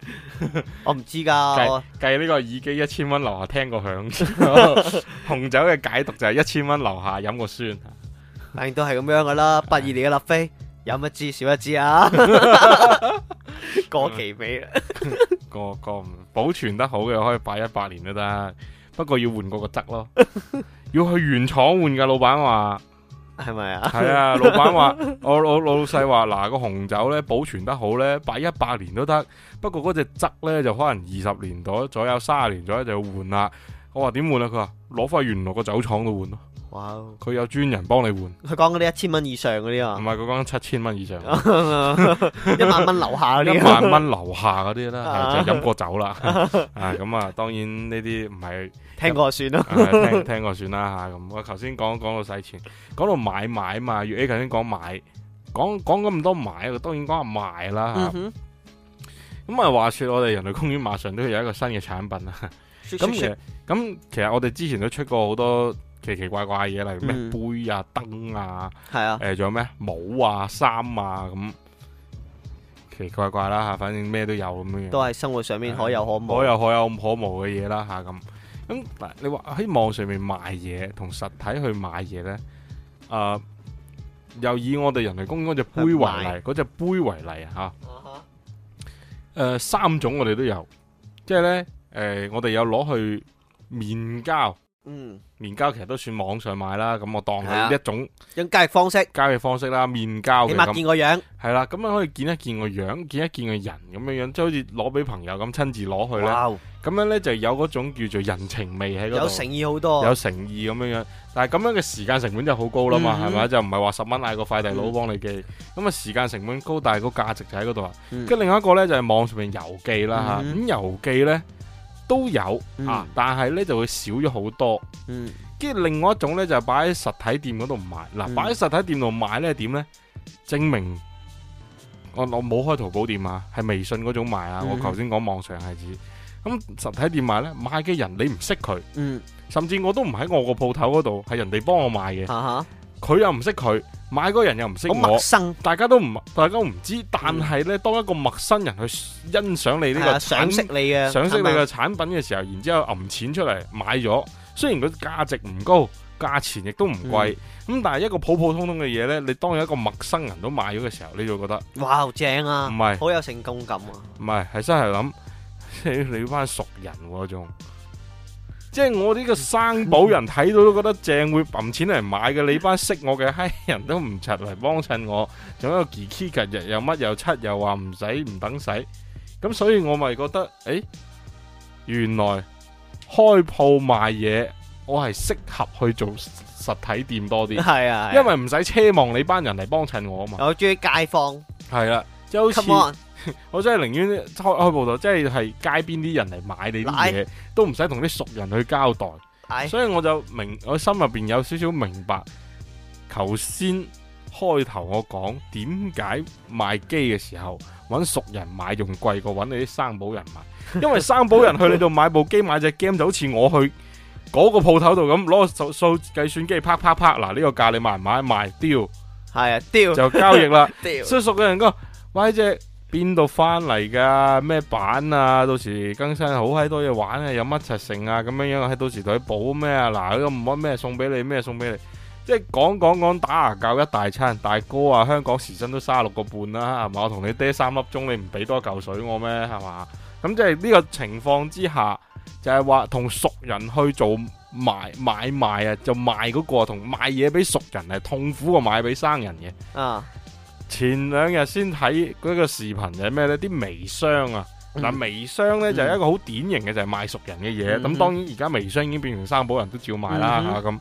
我唔知噶。計呢個耳機一千蚊樓下聽個響， 紅酒嘅解讀就係一千蚊樓下飲過酸，反 都係咁樣噶啦，八二年嘅立飛。有乜知少一知啊？過期味，過、嗯、過保存得好嘅可以擺一百年都得，不過要換嗰個質咯， 要去原廠換噶。老闆話係咪啊？係啊，老闆話 我，我老老細話嗱，個紅酒咧保存得好咧擺一百年都得，不過嗰隻質咧就可能二十年左左右三十年左右就要換啦。我話點換啊？佢話攞翻原來個酒廠度換咯。哇！佢有專人幫你換。佢講嗰啲一千蚊以上嗰啲啊？唔係佢講七千蚊以上，一萬蚊樓下嗰啲，一萬蚊樓下嗰啲啦，就飲過酒啦。咁啊，當然呢啲唔係聽過算啦。聽聽過算啦吓。咁我頭先講講到使錢，講到買買嘛，月 A 頭先講買，講講咁多買，當然講下賣啦。咁啊，話說我哋人類公園馬上都要有一個新嘅產品啦。咁其實，咁其實我哋之前都出過好多。奇奇怪怪嘢，例如咩、嗯、杯啊、燈啊，係是啊、呃，誒，仲有咩帽啊、衫啊，咁奇奇怪怪啦吓，反正咩都有咁樣。都係生活上面可有可無、啊，可有可有可無嘅嘢啦吓，咁、啊、咁，你話喺網上面賣嘢同實體去賣嘢咧，啊、呃，又以我哋人類公園嗰隻杯為例，嗰隻去買 杯為例吓，誒、啊啊哈 呃，三種我哋都有，即係咧，誒、呃，我哋有攞去面膠，嗯。面交其實都算網上買啦，咁我當佢一種一種交易方式。交易方式啦，面交起碼見個樣。係啦，咁啊可以見一見個樣，見一見個人咁樣樣，即係好似攞俾朋友咁親自攞去咧。咁樣咧就有嗰種叫做人情味喺嗰度。有誠意好多。有誠意咁樣樣，但係咁樣嘅時間成本就好高啦嘛，係咪啊？就唔係話十蚊嗌個快遞佬幫你寄。咁啊時間成本高，但係個價值就喺嗰度啊。跟另外一個咧就係網上面郵寄啦吓，咁郵寄咧。都有啊，嗯、但係咧就會少咗好多。跟住、嗯、另外一種咧就擺、係、喺實體店嗰度賣。嗱、啊，擺喺、嗯、實體店度賣咧點咧？證明我我冇開淘寶店啊，係微信嗰種賣啊。嗯、哼我頭先講網上係指咁，實體店賣咧賣，嘅人你唔識佢，嗯、甚至我都唔喺我個鋪頭嗰度，係人哋幫我賣嘅。佢、啊、哈又唔識佢。買嗰人又唔識我，陌生大，大家都唔，大家唔知道。但係呢，嗯、當一個陌生人去欣賞你呢個，賞、啊、識你嘅，賞識你嘅產品嘅時候，嗎然之後揞錢出嚟買咗。雖然佢價值唔高，價錢亦都唔貴，咁、嗯、但係一個普普通通嘅嘢呢。你當一個陌生人都買咗嘅時候，你就覺得哇正啊，唔係是，好有成功感啊，唔係，係真係諗你你熟人嗰種。即係我呢個生保人睇到都覺得正，會揾錢嚟買嘅。你班識我嘅閪人都唔柒嚟幫襯我，仲有 GK 日日又乜又柒，又話唔使唔等使，咁所以我咪覺得誒，原來開鋪賣嘢我係適合去做實體店多啲，係啊，因為唔使奢望你班人嚟幫襯我啊嘛。我中意街坊，係啦，即係好似。 我真係寧願開開鋪頭，即係係街邊啲人嚟買你啲嘢，都唔使同啲熟人去交代。所以我就明，我心入邊有少少明白。頭先開頭我講點解賣機嘅時候揾熟人買，仲貴過揾你啲生保人買，因為生保人去你度買部機買隻 game 就好似我去嗰個鋪頭度咁，攞個手數計算機啪啪啪，嗱，呢個價你買唔買？賣 deal 係啊，deal 就交易啦。熟熟嘅人個喂只。邊度翻嚟㗎？咩版啊？到時更新好閪多嘢玩啊！有乜七成啊？咁樣樣喺到時同佢補咩啊？嗱，佢都唔講咩送俾你，咩送俾你？即係講講講打牙祭一大餐。大哥啊，香港時薪都三十六個半啦，係嘛？我同你爹三粒鐘，你唔俾多嚿水我咩？係嘛？咁即係呢個情況之下，就係話同熟人去做賣買賣啊，就賣嗰個同賣嘢俾熟人係痛苦過賣俾生人嘅啊。前兩日先睇嗰個視頻係咩呢？啲微商啊，嗱、嗯，但微商呢，嗯、就係一個好典型嘅，就係、是、賣熟人嘅嘢。咁、嗯、哼當然而家微商已經變成生保人都照賣啦。咁、嗯哼啊、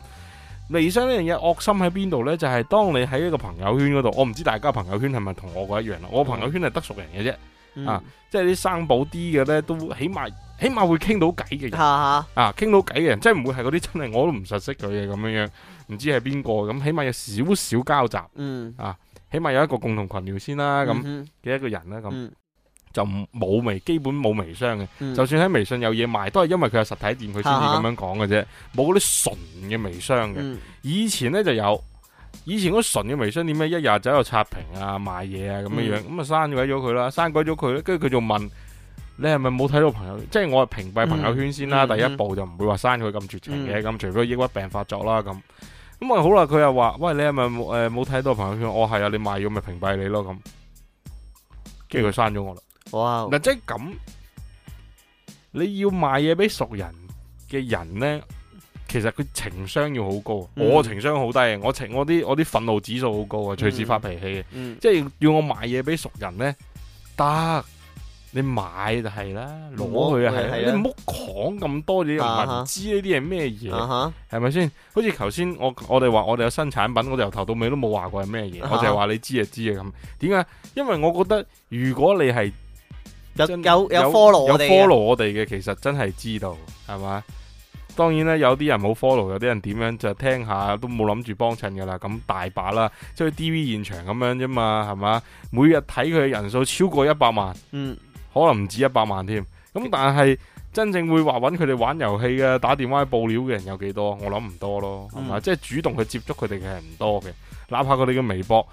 微商呢樣嘢惡心喺邊度呢？就係、是、當你喺一個朋友圈嗰度，我唔知大家朋友圈係咪同我一樣啦。我朋友圈係得熟人嘅啫，啊，嗯、即係啲生保啲嘅呢，都起碼起碼會傾到偈嘅人，哈哈啊，傾到偈嘅人，即係唔會係嗰啲真係我都唔熟悉佢嘅咁樣樣，唔知係邊個，咁起碼有少少交集，嗯、啊。起碼有一個共同群聊先啦、啊，咁幾、嗯、哼一個人啦、啊，咁、嗯、就冇微，基本冇微商嘅。嗯、就算喺微信有嘢賣，都係因為佢有實體店，佢先至咁樣講嘅啫。冇嗰啲純嘅微商嘅。嗯、以前咧就有，以前嗰純嘅微商點解一日走度刷屏啊賣嘢啊咁樣、嗯、樣，咁啊刪鬼咗佢啦，刪鬼咗佢，跟住佢就問你係咪冇睇到朋友，即係我係屏蔽朋友圈先啦、啊。嗯、第一步就唔會話刪佢咁絕情嘅，咁、嗯、除非抑鬱病發作啦咁。咁啊好啦，佢又話，喂，你係咪誒冇睇到朋友圈？我、哦、係啊，你賣咗咪屏蔽你咯。咁，跟住佢刪咗我啦。哇！嗱，即係咁，你要賣嘢俾熟人嘅人咧，其實佢情商要好高，嗯、我情商好低，我情我啲我啲憤怒指數好高啊，隨時發脾氣嘅，嗯嗯、即係要我賣嘢俾熟人咧，得。你買就係啦，攞佢啊！你唔好講咁多嘢，又唔知呢啲係咩嘢，係咪先？好似頭先我我哋話我哋有新產品，我哋由頭到尾都冇話過係咩嘢，uh huh. 我就係話你知啊知啊咁。點解？因為我覺得如果你係有有有 follow follow 我哋嘅，其實真係知道係嘛？當然啦，有啲人冇 follow，有啲人點樣就聽下，都冇諗住幫襯噶啦。咁大把啦，即係 D V 現場咁樣啫嘛，係嘛？每日睇佢嘅人數超過一百萬，嗯。可能唔止一百萬添，咁但係真正會話揾佢哋玩遊戲嘅、打電話報料嘅人有幾多？我諗唔多咯，係嘛？即係主動去接觸佢哋嘅人唔多嘅，哪怕佢哋嘅微博。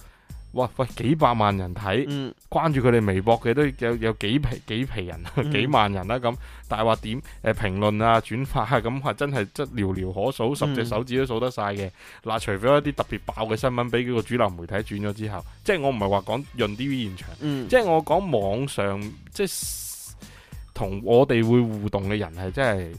哇喂，幾百萬人睇，嗯、關注佢哋微博嘅都有有幾皮幾皮人，嗯、幾萬人啦、啊、咁。但係話點誒評論啊、轉發咁、啊，係真係即寥寥可數，十隻手指都數得晒嘅。嗱、嗯，除非有一啲特別爆嘅新聞俾個主流媒體轉咗之後，即係我唔係話講潤 TV 現場，嗯、即係我講網上，即係同我哋會互動嘅人係真係，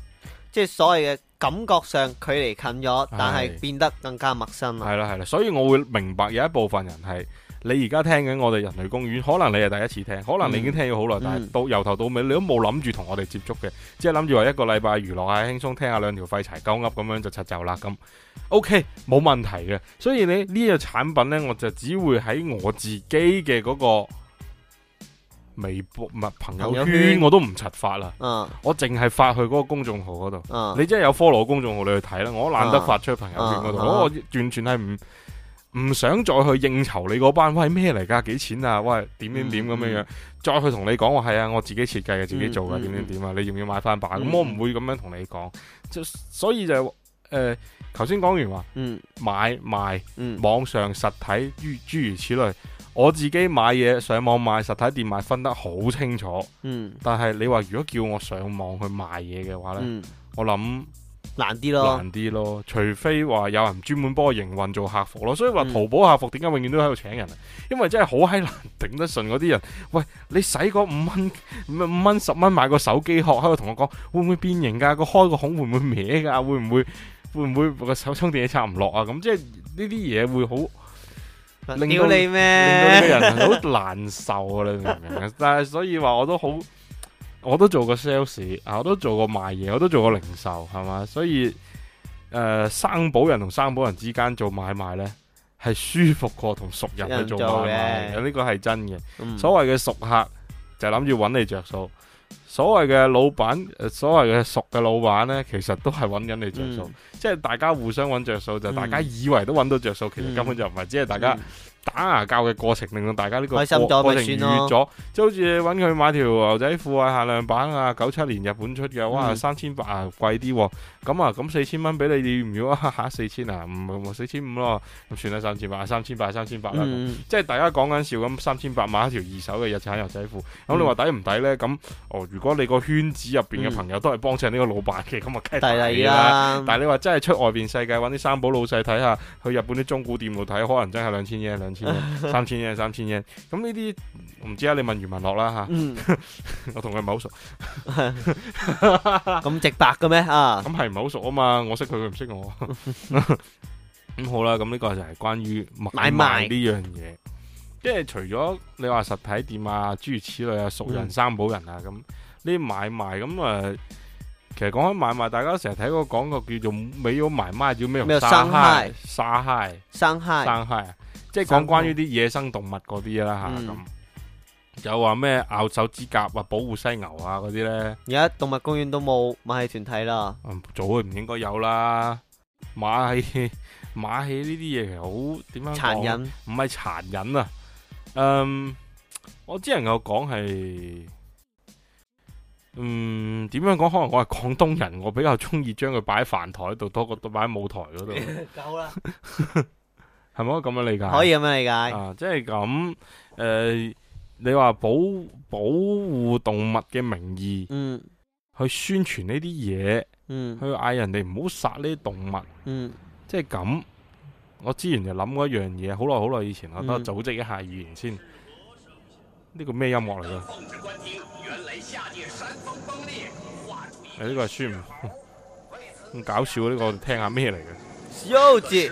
即係所謂嘅。感覺上距離近咗，但係變得更加陌生啦。係啦係啦，所以我會明白有一部分人係你而家聽緊我哋人類公園，可能你係第一次聽，可能你已經聽咗好耐，嗯、但係到由頭到尾你都冇諗住同我哋接觸嘅，即係諗住話一個禮拜娛樂下，輕鬆聽下兩條廢柴鳩噏咁樣就出走啦咁。OK，冇問題嘅。所以你呢、這個產品呢，我就只會喺我自己嘅嗰、那個。微博唔係朋友圈，圈我都唔發啦。啊、我淨係發去嗰個公眾號嗰度。啊、你真係有 follow 公眾號，你去睇啦。我懶得發出去朋友圈嗰度，啊啊、我完全係唔唔想再去應酬你嗰班。喂，咩嚟？噶，幾錢啊？喂點點點咁樣怎樣，嗯嗯、再去同你講話係啊，我自己設計嘅，自己做嘅，點點點啊，你要唔要買翻版？咁、嗯、我唔會咁樣同你講。所以就誒，頭先講完話，嗯，買賣，買嗯、網上、實體，諸諸如此類。我自己買嘢上網買、實體店買分得好清楚。嗯，但係你話如果叫我上網去賣嘢嘅話呢、嗯、我諗想 難啲咯。難啲咯，除非話有人專門幫我營運做客服咯。所以話淘寶客服點解永遠都喺度請人啊？因為真係好閪難頂得順嗰啲人。喂，你使嗰五蚊、五蚊、十蚊買個手機殼，喺度同我講會唔會變形㗎？個開個孔會唔會歪㗎？會唔會會唔會個手充電嘢插唔落啊？咁即係呢啲嘢會好。令到你咩？令到啲人好難受啊！你明唔明啊？但係所以話，我都好，我都做過 sales，啊，我都做過賣嘢，我都做過零售，係嘛？所以，誒、呃，生保人同生保人之間做買賣咧，係舒服過同熟人做買賣。有呢個係真嘅，嗯、所謂嘅熟客就諗住揾你着數。所謂嘅老闆，所謂嘅熟嘅老闆呢，其實都係揾緊你着數，嗯、即係大家互相揾着數，嗯、就大家以為都揾到着數，嗯、其實根本就唔係，只係、嗯、大家。打牙鉸嘅過程令到大家呢個過，心過程越咗，即係好似揾佢買條牛仔，、啊、牛仔褲啊、限量版啊，九七年日本出嘅，哇、嗯、三千八啊貴啲、哦，咁啊咁四千蚊俾你，你唔要啊吓，四千啊，唔、嗯、係四千五咯，咁算啦三千八，三千八，三千八啦，嗯、即係大家講緊笑咁三千八買一條二手嘅日產牛仔褲，咁、嗯、你話抵唔抵呢？咁哦，如果你個圈子入邊嘅朋友都係幫襯呢個老闆嘅，咁啊梗係抵啦。但係你話真係出外邊世界揾啲三寶老細睇下，去日本啲中古店度睇，可能真係兩千一兩。三千英，三千英，咁呢啲唔知啊？你問余文樂啦吓，嗯、 我同佢唔係好熟，咁、嗯、 直白嘅咩啊？咁係唔係好熟啊？嘛，我識佢，佢唔識我。咁 好啦，咁呢個就係關於買賣呢樣嘢，即係賣除咗你話實體店啊，諸如此類啊，熟人、嗯、三寶人啊，咁呢啲買賣咁啊。其實講開買賣，大家成日睇個廣告叫做《沒有買賣叫咩》，沒有傷害，沙蟹，傷害，傷害。即係講關於啲野生動物嗰啲啦吓，咁，有話咩咬手指甲啊，保護犀牛啊嗰啲咧。而家動物公園都冇馬戲團體啦，早就唔應該有啦。馬戲馬戲呢啲嘢其實好點樣？殘忍唔係殘忍啊。嗯，我只能夠講係，嗯，點樣講？可能我係廣東人，我比較中意將佢擺喺飯台度，多過擺喺舞台嗰度。夠啦。係咪可以咁樣理解？可以咁樣理解。啊，即係咁，誒、呃，你話保保護動物嘅名義，嗯，去宣傳呢啲嘢，嗯，去嗌人哋唔好殺呢啲動物，嗯，即係咁。我之前就諗過一樣嘢，好耐好耐以前，我都我組織一下語言先。呢個咩音樂嚟噶？誒，呢個係孫悟空。咁搞笑啊！呢、這個聽下咩嚟嘅？妖杰。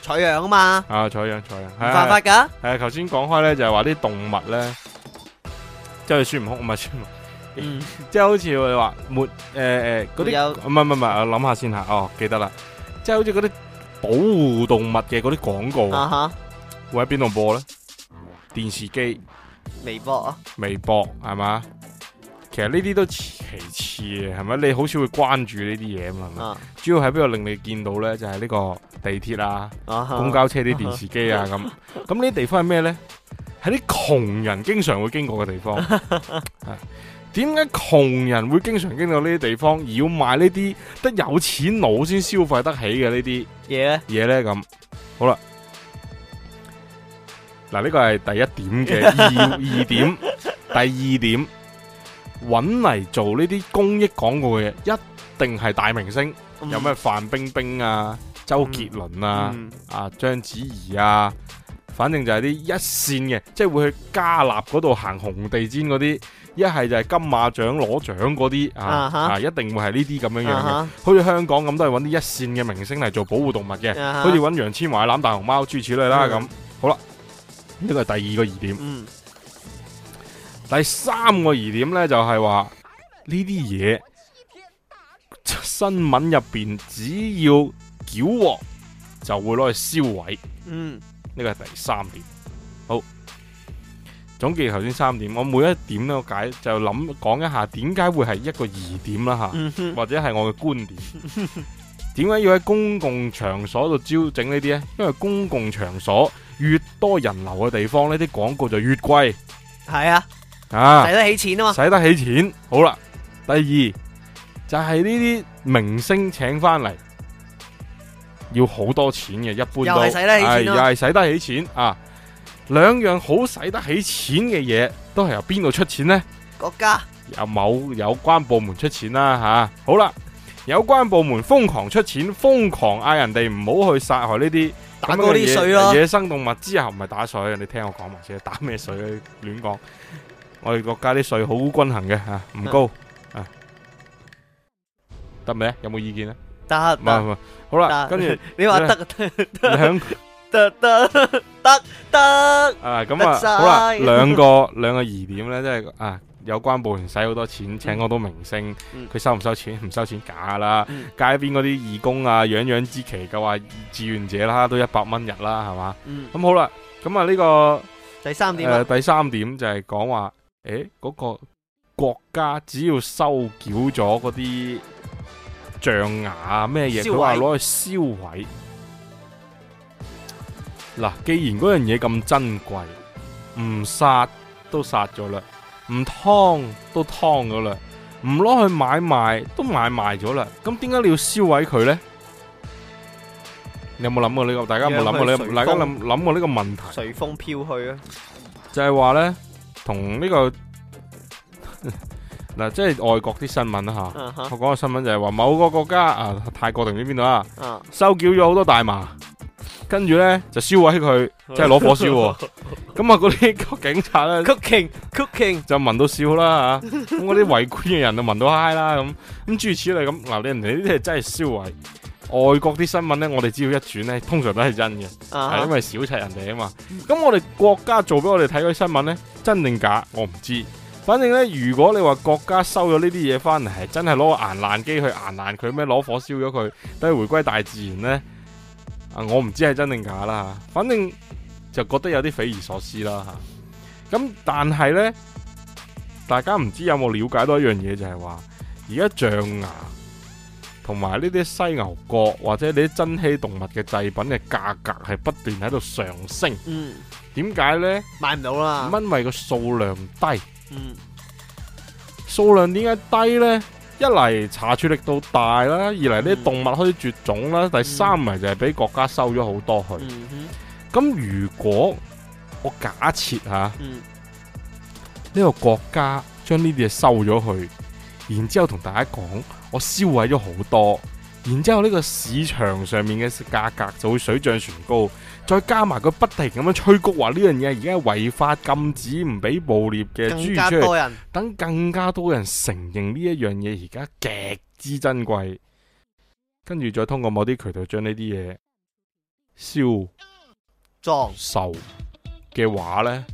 採樣啊嘛，啊採樣採樣係犯法噶，係啊，頭先講開咧就係話啲動物咧，即係孫悟空唔係孫悟空，即係、嗯、 好似佢話沒誒誒嗰啲唔係唔係唔係，我諗下先吓，哦記得啦，即、就、係、是、好似嗰啲保護動物嘅嗰啲廣告，吓、uh huh、會喺邊度播咧？電視機、微博,啊、微博、微博係嘛？其實呢啲都其次嘅，係咪？你好少會關注呢啲嘢啊嘛，主要喺邊度令你見到咧？就係、是、呢個地鐵啦、啊、啊、公交車啲電視機啊，咁咁呢啲地方係咩咧？係啲窮人經常會經過嘅地方。點解窮人會經常經過呢啲地方，而要買呢啲得有錢佬先消費得起嘅呢啲嘢咧？嘢咧咁好啦。嗱，呢個係第一點嘅， 二二點，第二點。揾嚟做呢啲公益廣告嘅，一定係大明星，嗯、有咩范冰冰啊、周傑倫啊、嗯嗯、啊章子怡啊，反正就係啲一,一線嘅，即係會去加納嗰度行紅地氈嗰啲，一係就係金馬獎攞獎嗰啲啊，啊，啊啊一定會係呢啲咁樣樣嘅，好似、啊啊、香港咁都係揾啲一線嘅明星嚟做保護動物嘅，好似揾楊千嬅攬大熊貓諸如此類啦咁。好啦，呢個係第二個疑點。嗯第三個疑點呢，就係話呢啲嘢，新聞入邊只要繳獲就會攞去銷毀。嗯，呢個係第三點。好，總結頭先三點，我每一點都解就諗講一下點解會係一個疑點啦吓，或者係我嘅觀點。點解、嗯、哼要喺公共場所度招整呢啲咧？因為公共場所越多人流嘅地方，呢啲廣告就越貴。係啊。啊，使得起錢啊嘛，使得起錢。好啦，第二就係呢啲明星請翻嚟，要好多錢嘅，一般都，又係使得起錢，又係使得起錢啊、哎。兩樣好使得起錢嘅嘢、啊，都係由邊度出錢呢？國家，由某有關部門出錢啦、啊、吓、啊。好啦，有關部門瘋狂出錢，瘋狂嗌人哋唔好去殺害呢啲打啲水，野生動物之後唔係打水，你聽我講埋先，打咩水亂講。我哋國家啲稅好均衡嘅吓，唔高啊，得未啊？有冇意見咧？得，唔係，好啦，跟住你話得，得，得，得，得，得，啊咁啊，好啦，兩個兩個疑點咧，即係啊，有關部門使好多錢請好多明星，佢收唔收錢？唔收錢假啦！街邊嗰啲義工啊，養養之期嘅話，志願者啦，都一百蚊日啦，係嘛？嗯，咁好啦，咁啊呢個第三點，第三點就係講話。誒，嗰個國家只要收繳咗嗰啲象牙啊，咩嘢佢話攞去燒毀。嗱，既然嗰樣嘢咁珍貴，唔殺都殺咗啦，唔劏都劏咗啦，唔攞去買賣都買賣咗啦，咁點解你要燒毀佢咧？你有冇諗過呢個？大家有冇諗過呢？大家諗諗過呢個問題？隨風飄去啊！就係話咧。同呢個嗱，即係外國啲新聞啦吓，uh huh. 我講個新聞就係話某個國家啊，泰國定邊邊度啊，uh huh. 收繳咗好多大麻，跟住咧就燒毀佢，即係攞火燒，咁啊嗰啲警察咧 cooking cooking 就聞到笑啦吓，咁嗰啲圍觀嘅人就聞到嗨啦咁，咁諸如此類咁，嗱你人哋呢啲係真係燒毀。外國啲新聞呢，我哋只要一轉呢，通常都係真嘅，係、uh huh. 因為小賊人哋啊嘛。咁我哋國家做俾我哋睇嗰啲新聞呢，真定假我唔知。反正呢，如果你話國家收咗呢啲嘢翻嚟，係真係攞個硬爛機去硬爛佢咩？攞火燒咗佢，等佢回歸大自然呢，啊，我唔知係真定假啦。反正就覺得有啲匪夷所思啦吓。咁但係呢，大家唔知有冇了解到一樣嘢，就係話而家象牙。同埋呢啲犀牛角或者啲珍稀動物嘅製品嘅價格係不斷喺度上升，點解、嗯、呢？買唔到啦，因為個數量低。數、嗯、量點解低呢？一嚟查處力度大啦，二嚟啲動物可以絕種啦，嗯、第三咪就係俾國家收咗好多去。咁、嗯、哼如果我假設吓，呢、嗯、個國家將呢啲嘢收咗去，然之後同大家講。我銷毀咗好多，然之後呢個市場上面嘅價格就會水漲船高，再加埋佢不停咁樣吹谷話呢樣嘢而家違法禁止唔俾捕獵嘅豬出，等更加多人承認呢一樣嘢而家極之珍貴，跟住再通過某啲渠道將呢啲嘢銷、裝、售嘅話呢，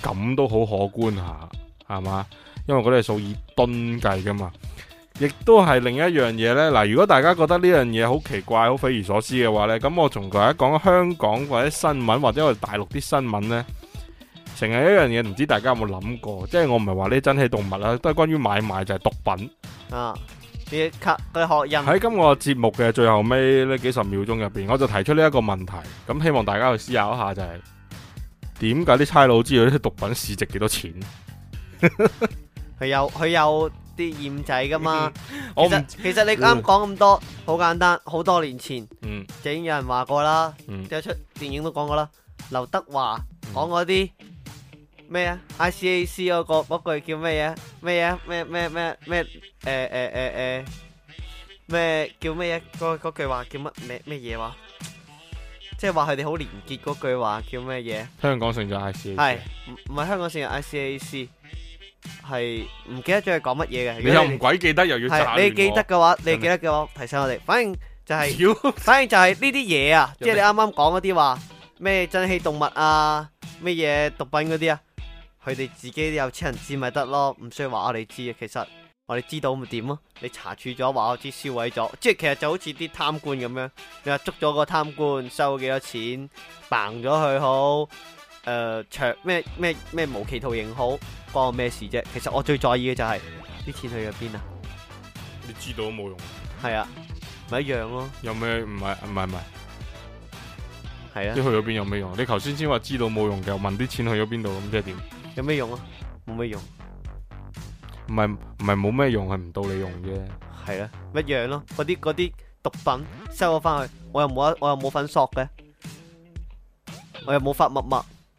咁都好可觀下，係嘛？因為嗰啲係數以噸計噶嘛。亦都係另一樣嘢呢。嗱，如果大家覺得呢樣嘢好奇怪、好匪夷所思嘅話呢，咁我從而家講香港或者新聞或者我哋大陸啲新聞呢，成日一樣嘢，唔知大家有冇諗過？即係我唔係話呢珍稀動物啦，都係關於買賣就係、是、毒品啊！啲吸嘅學人喺今個節目嘅最後尾呢幾十秒鐘入邊，我就提出呢一個問題，咁希望大家去思考一下、就是，就係點解啲差佬知道啲毒品市值幾多錢？佢有佢有。啲醜仔噶嘛 不其，其實其實你啱講咁多，好 簡單，好多年前、嗯、就已經有人話過啦，有、嗯、出電影都講過啦，劉德華講嗰啲咩啊，I C A C 嗰句叫咩嘢？咩嘢咩咩咩咩誒誒誒咩叫咩嘢？嗰句話叫乜咩咩嘢話？即係話佢哋好廉潔嗰句話叫咩嘢？香港成咗 I C A C 係唔唔係香港成咗 I C A C？係唔記得咗係講乜嘢嘅？你，你又唔鬼記得又要？係你記得嘅話，你記得嘅話是是提醒我哋。反正就係、是， 反正就係呢啲嘢啊，是是即係你啱啱講嗰啲話咩珍稀動物啊，咩嘢毒品嗰啲啊，佢哋自己有錢人知咪得咯，唔需要話我哋知啊。其實我哋知道咪點咯？你查處咗話我知，銷毀咗，即係其實就好似啲貪官咁樣，你話捉咗個貪官收咗幾多錢，掟咗佢好。誒，長，咩咩咩無期徒刑好關我咩事啫？其實我最在意嘅就係、是、啲錢去咗邊啊！你知道都冇用，係啊，咪、啊、一樣咯。有咩唔係唔係唔係？係啊，啲去咗邊有咩用？你頭先先話知道冇用嘅，又問啲錢去咗邊度咁，即係點？有咩用啊？冇咩用？唔係唔係冇咩用，係唔到你用啫。係啊，一樣咯。嗰啲啲毒品收咗翻去，我又冇，我又冇粉索嘅，我又冇發密密。